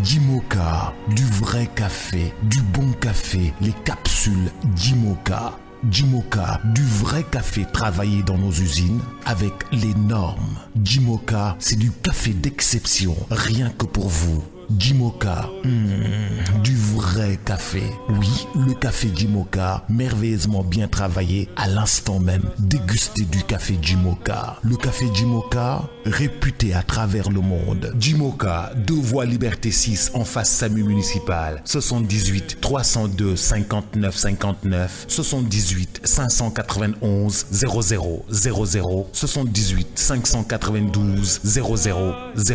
Dimoka, du vrai café, du bon café, les capsules Dimoka. Jimoka, du vrai café travaillé dans nos usines avec les normes. Jimoka, c'est du café d'exception, rien que pour vous. Jimoka. Hmm. du vrai café. Oui, le café Jimoka, merveilleusement bien travaillé à l'instant même. Dégustez du café Jimoka. Le café Jimoka, réputé à travers le monde. Jimoka, deux voies Liberté 6 en face SAMU municipal. 78 302 59 59 78 591 00 00 78 592 00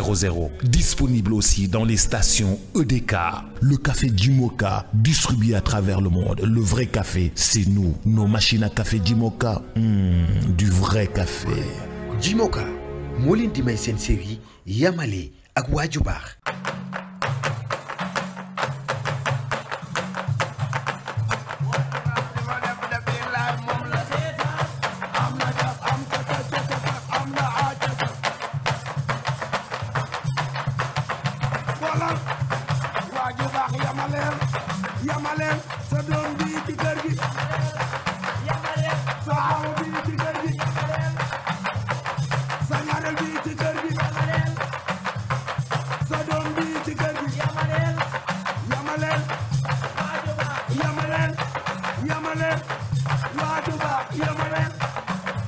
00. Disponible aussi dans les station EDK. Le café Jimoka, distribué à travers le monde. Le vrai café, c'est nous. Nos machines à café Jimoka, hmm, du vrai café. Jimoka, Moulin de Yamale yamaleen yamaleen sa doom bi ci kër gi yamaleen sa doom bi ci kër gi sa ñaareel bi ci kër gi yamaleen sa doom bi ci kër gi yamaleen yamaleen yamaleen yamaleen waa Tuuba yamaleen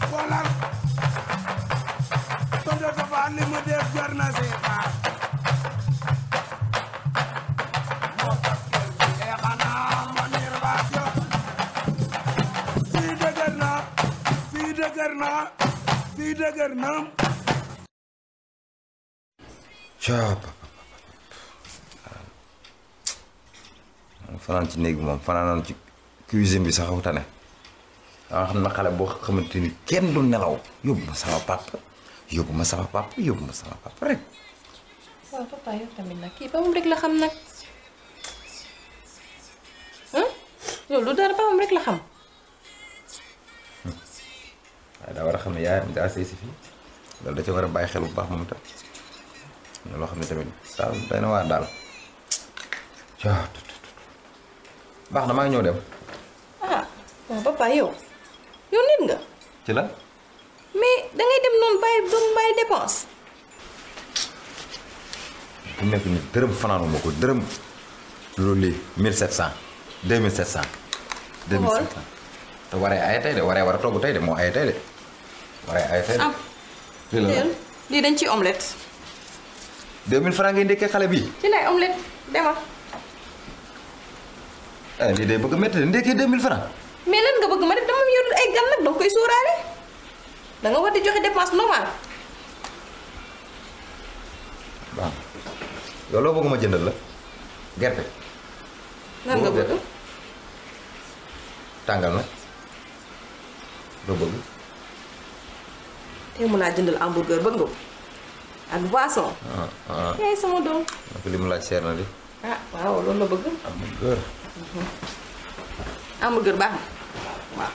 xoolal tonton Tafa li mu def jar na si dëgër naam. caa fanaan ci néeg bi moom ci cuisine bi sax a tane danga xam ne xale boo xamante ni kenn du nelaw yóbbu ma sama papa yóbbu ma sama papa rek. ba moom rek la xam nag. yow lu dara ba moom rek la xam. ne yaayam daa sëy si fii loolu da ci war a bàyyi xel bu baax moom tam loo xam ne tamit daal day na waar daal baax na maa ngi ñëw dem. ah waaw papa yow yow nit nga. ci la. mais da ngay dem noonu bàyyi doomu bàyyi dépense. bu nekk nii dërëm fanaanu ma ko dërëm. loolu lii 1700 2700. 2700 te waree aye tey de waree war a togg de moo aye tey de. waaye lii ah. la lii dañ ciy omelette. 2000 ngay ndekkee xale bi. ci lay omelette demal. ah lii day bëgg a de ndekkee 2000 francs. mais lan nga bëgg ma def dama yorul ay gan nag danga koy sóoraale da nga war di joxe dépense normale. waaw loo bëgg ma jëndal la gerte. lan nga bëgg tàngal na loo bëgg. te mëna jëndal hamburger ba ngëm ak boisson ah ah yaay ah, mhm. sama dom ak lim mu laaj seer na di ah waaw loolu la bëgg hamburger hamburger ba waaw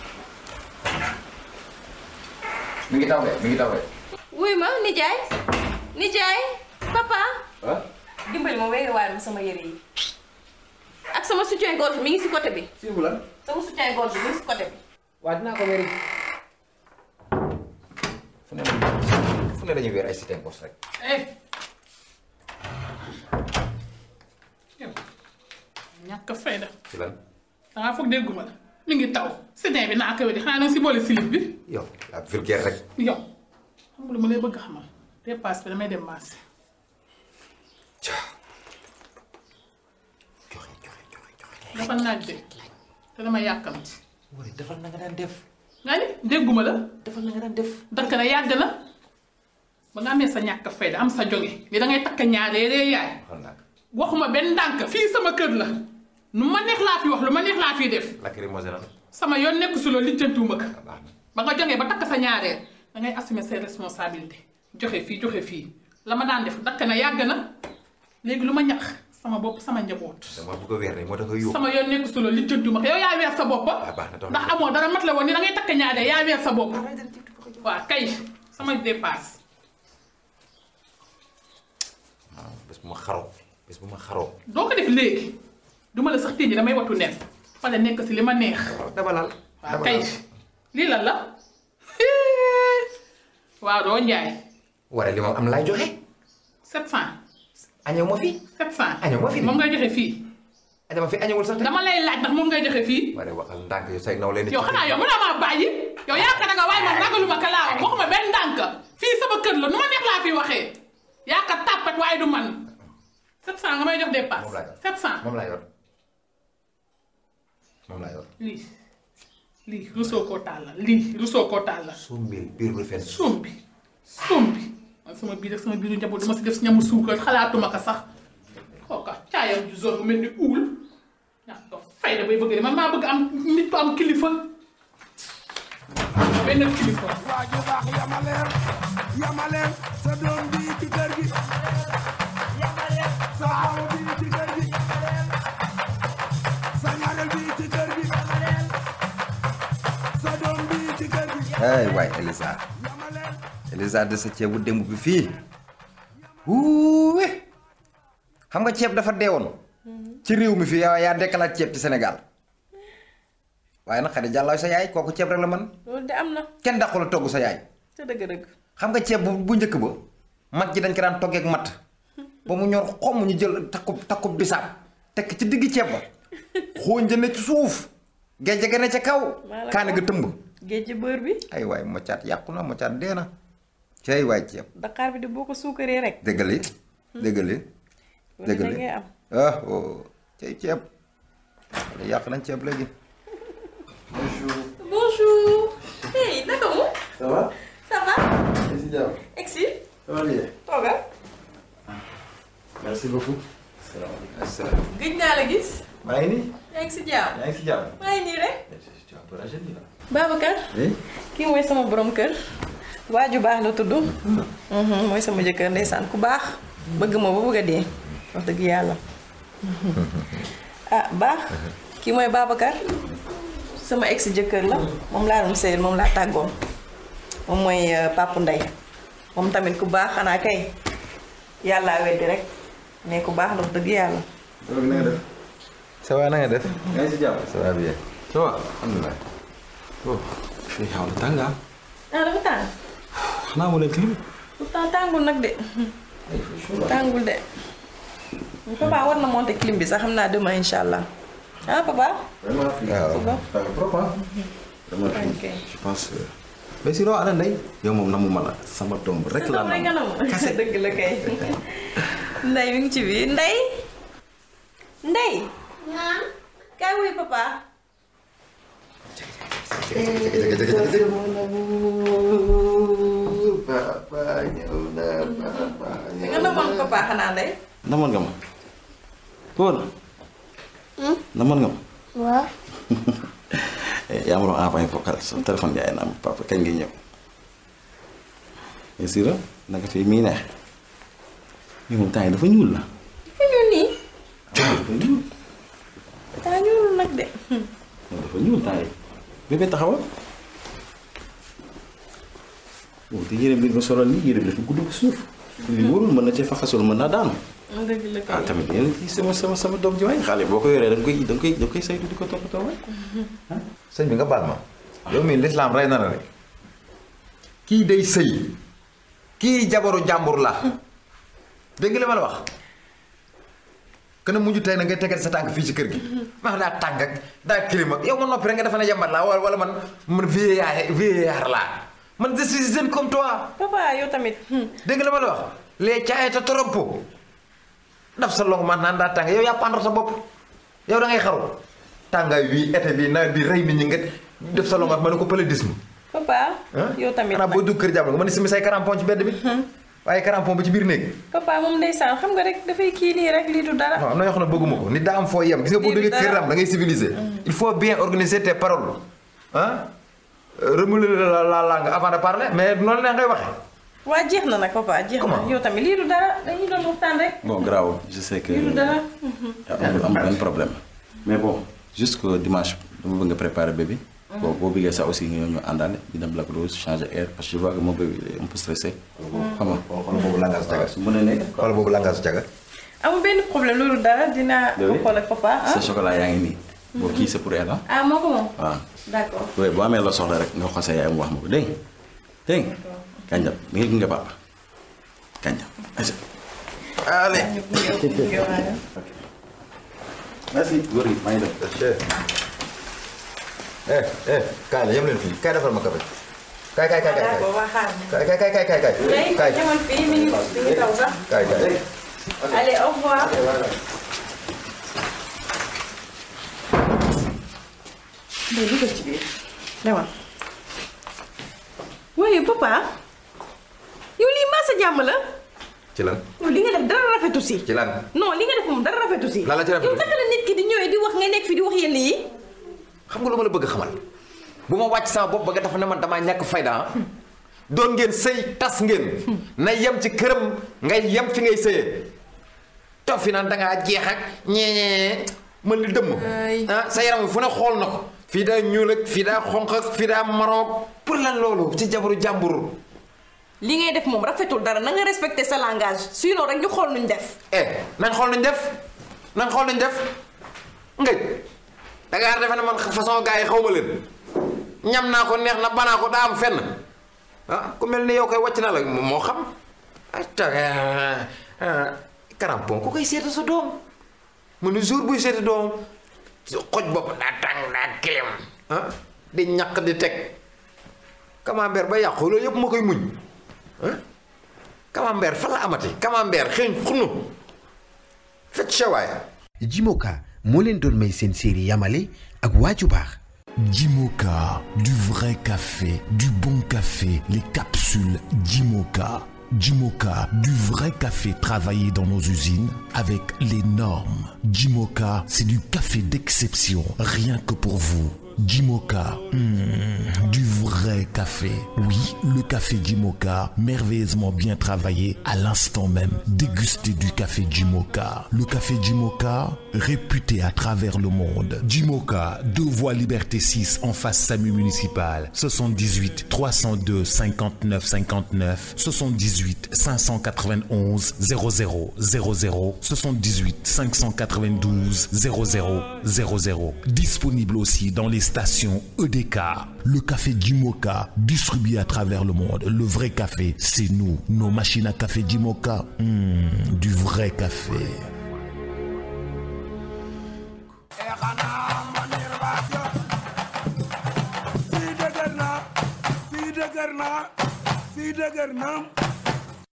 mi ngi tawé mi ngi tawé wuy ma ni jay ni jay papa dimbali ma wéy waal sama yéré yi ak sama soutien gorge mi ngi ci côté bi ci bu lan sama soutien gorge mi ngi ci côté bi waa dinaa ko wéri ne la ñuy weer ay système poste rek. ñàkk a fayda. ci lan. foog dégguma la. mi ngi taw système bi naa ko wér xanaa na si boole silib bëgg xamal dépasse bi damay dem marché. dafa naaj de te dama yàkkamti. waaye defal na nga daan def. nga ni dégguma la. defal na nga daan def. dakk na yàgg na. ba nga amé sa ñak da am sa jogé ni da ngay tak ñaaré ré yaay waxuma ben dank fi sama kër la nu ma neex la fi wax lu ma neex la fi def sama yoon nekk su lo lijjantuma ka ba nga jogé ba tak sa ñaaré da ngay assumer ses responsabilités joxe fi joxe fi lama daan def dak na yag na légui luma ñak sama bop sama njabot sama bu ko wéré mo da nga sama yoon nekk su lo lijjantuma ka yow ya wér sa bop ndax amo dara mat la won ni da ngay tak ñaaré ya wér sa bop wa kay sama dépasse ma xaro bis bu ma xaro doo ko def léegi duma la sax téye damay watu nen fa la nekk si li ma neex. dabalal waaw kay lii lan la waaw doo njaay. wala li moom am laay joxe. 700. añew ma fi. 700 añew ma fi moom ngay joxe fi ah, dama fi añewul sax dama lay laaj ndax moom ngay joxe fii. wala waxal ndànk yow say naw leen. yow xanaa yow mënoo maa bàyyi yow yaakaar nga waaye man ragaluma ka laa waxuma benn ndànk fii sama kër la nu neex laa fi waxee yaakaar tàppat waaye du man. 700 nga jox dépasse. moom 700 moom laa yor moom laa yor. lii lii rusoo koo la lii rusoo koo la. suum bi biir bu fenn. sama biir sama je njaboot dama si ñamu suukar xalaatuma ko sax là ju zone ni fay da bay bëgg Hey, why, Elisa Elisa this is ceebu démb bi fii wuuwe xam nga ceeb dafa deewoon ci réew mi um fii yaa yaa dekkalaat ceeb to Sénégal waaye nag xarit jàllaaw sa yaay kooku ceeb rek la man loolu oh, de am na kenn dàqu la togg sa yaay te dëgg dëgg xam have bu bu njëkk ba mag mat ba mu ñor xomm ñu jël bisa. takkub bisaab tekk ci Hujan ceeb suf. xóonja ne ci suuf gejje geje beur bi. ay yakuna mo chat na mo chat deena dia. way ci Dakar bi de boko ko rek. dëggale dëggale. dëggale ah oh cey ceeb. yak nañ ceeb legi bonjour. bonjour. hey na mu. ça va. ça va. si toga merci beaucoup. salaamaaleykum. alaykum naa la gis. maa ngi nii. yaa ngi si jàmm. yaa ngi si jàmm. Babacar. Eh? kii mooy sama borom kër. waa ju baax la tudd. Ah. Mhm, mooy sama jëkkër ndeysaan ku baax. bëgg ma ba bëgg a dee. wax dëgg yàlla. ah baax. kii mooy Babacar. sama ex jëkkër la. moom laa doon sëyal moom laa tàggoon. moom mooy euh, Pape Ndeye. moom tamit ku baax xanaa kay. yàllaa weddi rek. mais ku baax la dëgg yàlla. na nga def. ça si jàpp ça va bien. ça va Oh, fi eh, ya, eh, nah, mau tanga. Ala ko tang. Xana mau len klim. Ko ta tangul nak de. Tangul de. Papa war na monter clim bi sax xamna demain inshallah. Ah papa? kasih. papa. Papa. Terima kasih. Terima kasih. mais sinon ana ndey yow mau namu mala sama dom rek la nam kase deug la kay ndey mi ngi ci bi ndey ndey naam papa papa ñëw na papa ñëw na. nga namoon nga ma. góor namoon nga ma. waaw. yaa ma doon envoyé vocal sa téléphone yaay naa ma papa kañ ngay ñëw. bien sûr naka fii mii moom temps yi dafa ñuul la. dafa ñuul nii. dafa ñuul. nag de. dafa ñuul temps yi. bébé taxawal waaw te yére bi nga solal nii yére bi dafa gudd ko suuf. li warul mën na cee faxasul mën naa daanu. ah tamit yéen sama sama sama doom ji waaye xale boo ko yoree da nga koy da nga koy da nga koy saytu di ko toppatoo waay. Ah, sëñ bi nga baal ma. yow mii lislaam rey na la rek. kii day sëy. kii jabaru jàmbur la. dégg li ma la wax. kena muju tay na ngay tegal sa tànk fi ci kër gi wax la tànk ak da clim ak yow mo nopi rek nga defa ne jàmbat wala wala man man vieillard vieillard la man je suis jeune comme toi papa yow tamit deug nga la ma la wax les chaay ta torompo daf sa long man nanda daa tàng yow ya pendre sa ya, bop yow da ngay xaru tanga wi été bi na di rey nit ñi nga def sa long man ne ko paludisme papa yow tamit xanaa bo du kër jabal nga simi say crampon ci bedd bi papa xam nga rek il faut bien organiser tes paroles hein? la langue avant de parler mais non, la ngay waxe wa jeex na nak papa jeex na yow tamit bon grave je sais que. li du dara. am problème mais bon jusqu'au dimanche dama bëgg préparer bébé. bon boo bëggee sax aussi nga ñu àndaale ñu dem Lac changer air parce que je vois que moom un peu stressé. xam eh. nga xool boobu langage kan jaga su mën a nekk xool boobu langage kan jaga. Eh? amul benn problème loolu dara dinaa. ko xool ak papa ah sa chocolat yaa ngi nii. boo c'est pour elle ah. ah moo ko moom. waaw d'accord. oui boo amee la soxla rek nga xose yaay mu wax ma ko dégg nga mi ngi gunge papa kanjam. allez. merci góor gi maa ngi eh eh kaay la yem leen fii kaay defal ma café kaay kaay kaay kaay kaay kaay kaay kaay kaay kaay kaay ñëwal fii mi ngi mi ngi taw sax kaay kaay allez au revoir ndey dugal ci biir demal waaye papa yow ya, lii maa sa jàmm la ci oh, lan yow li nga def dara rafetu si ci lan non li nga def moom dara rafetu si la la ci rafetu ya, yow naka la nit ki di ñëwee di wax nga nekk fi di wax yenn yi xam nga luma la bëgg xamal buma wacc sama bop ba nga dafa ne man dama ñak fayda doon ngeen sey tas ngeen na yam ci kërëm ngay yam fi ngay sey to fi da nga jeex ak ñe man li dem ah sa yaram fu ne xol nako fi da ñuul ak fi da xonx ak fi da maroog pour lan lolu ci jabru jambur li ngay def mom rafetul dara na nga respecter sa langage suñu rek ñu xol nuñ def eh nañ xol nuñ def nañ xol nuñ def ngay Dakar defe na man façon gars yi xaw ma leen ñam naa ko neex na banaa ko daa am fenn ah, ku mel ni yow koy wacc na la moo xam ay eh, eh, eh, ku koy seeta sa doom mu ne jour buy seeta doom xoj bopp daa tàng daa kilim ah, di ñaq di teg camembert ba yàqul loolu yëpp ma koy muñ ah camembert amati camembert xëñ xunu fekk Moulin len doon série yamale ak Jimoka du vrai café du bon café les capsules Jimoka Jimoka, du vrai café travaillé dans nos usines avec les normes. Jimoka, c'est du café d'exception, rien que pour vous. Jimoka. Hmm. du vrai café. Oui, le café Jimoka, merveilleusement bien travaillé à l'instant même. Dégustez du café Jimoka. Le café Jimoka, réputé à travers le monde. Jimoka, deux voies Liberté 6 en face SAMU municipal. 78 302 59 59 78 591 00 00 78 592 00 00. Disponible aussi dans les Station EDK. Le café Jimoka, distribué à travers le monde. Le vrai café, c'est nous. Nos machines à café Jimoka, hmm, du vrai café.